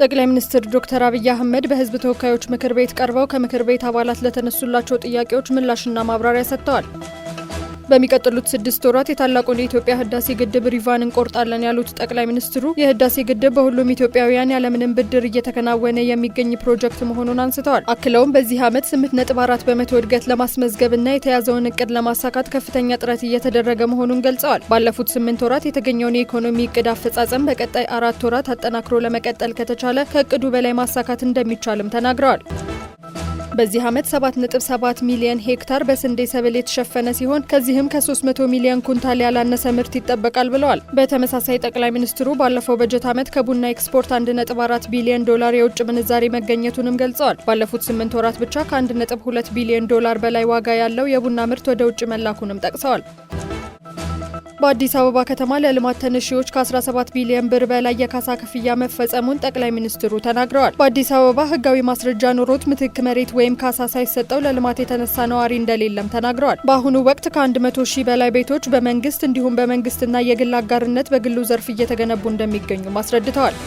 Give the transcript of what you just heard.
ጠቅላይ ሚኒስትር ዶክተር አብይ አህመድ በህዝብ ተወካዮች ምክር ቤት ቀርበው ከምክር ቤት አባላት ለተነሱላቸው ጥያቄዎች ምላሽና ማብራሪያ ሰጥተዋል። በሚቀጥሉት ስድስት ወራት የታላቁን የኢትዮጵያ ህዳሴ ግድብ ሪቫን እንቆርጣለን ያሉት ጠቅላይ ሚኒስትሩ የህዳሴ ግድብ በሁሉም ኢትዮጵያውያን ያለምንም ብድር እየተከናወነ የሚገኝ ፕሮጀክት መሆኑን አንስተዋል። አክለውም በዚህ ዓመት ስምንት ነጥብ አራት በመቶ እድገት ለማስመዝገብና የተያዘውን እቅድ ለማሳካት ከፍተኛ ጥረት እየተደረገ መሆኑን ገልጸዋል። ባለፉት ስምንት ወራት የተገኘውን የኢኮኖሚ እቅድ አፈጻጸም በቀጣይ አራት ወራት አጠናክሮ ለመቀጠል ከተቻለ ከእቅዱ በላይ ማሳካት እንደሚቻልም ተናግረዋል። በዚህ ዓመት 7.7 ሚሊዮን ሄክታር በስንዴ ሰብል የተሸፈነ ሲሆን ከዚህም ከ300 ሚሊዮን ኩንታል ያላነሰ ምርት ይጠበቃል ብለዋል። በተመሳሳይ ጠቅላይ ሚኒስትሩ ባለፈው በጀት ዓመት ከቡና ኤክስፖርት 1.4 ቢሊዮን ዶላር የውጭ ምንዛሬ መገኘቱንም ገልጸዋል። ባለፉት 8 ወራት ብቻ ከ1.2 ቢሊዮን ዶላር በላይ ዋጋ ያለው የቡና ምርት ወደ ውጭ መላኩንም ጠቅሰዋል። በአዲስ አበባ ከተማ ለልማት ተነሺዎች ከ17 ቢሊዮን ብር በላይ የካሳ ክፍያ መፈጸሙን ጠቅላይ ሚኒስትሩ ተናግረዋል። በአዲስ አበባ ህጋዊ ማስረጃ ኖሮት ምትክ መሬት ወይም ካሳ ሳይሰጠው ለልማት የተነሳ ነዋሪ እንደሌለም ተናግረዋል። በአሁኑ ወቅት ከ100 ሺህ በላይ ቤቶች በመንግስት እንዲሁም በመንግስትና የግል አጋርነት በግሉ ዘርፍ እየተገነቡ እንደሚገኙ አስረድተዋል።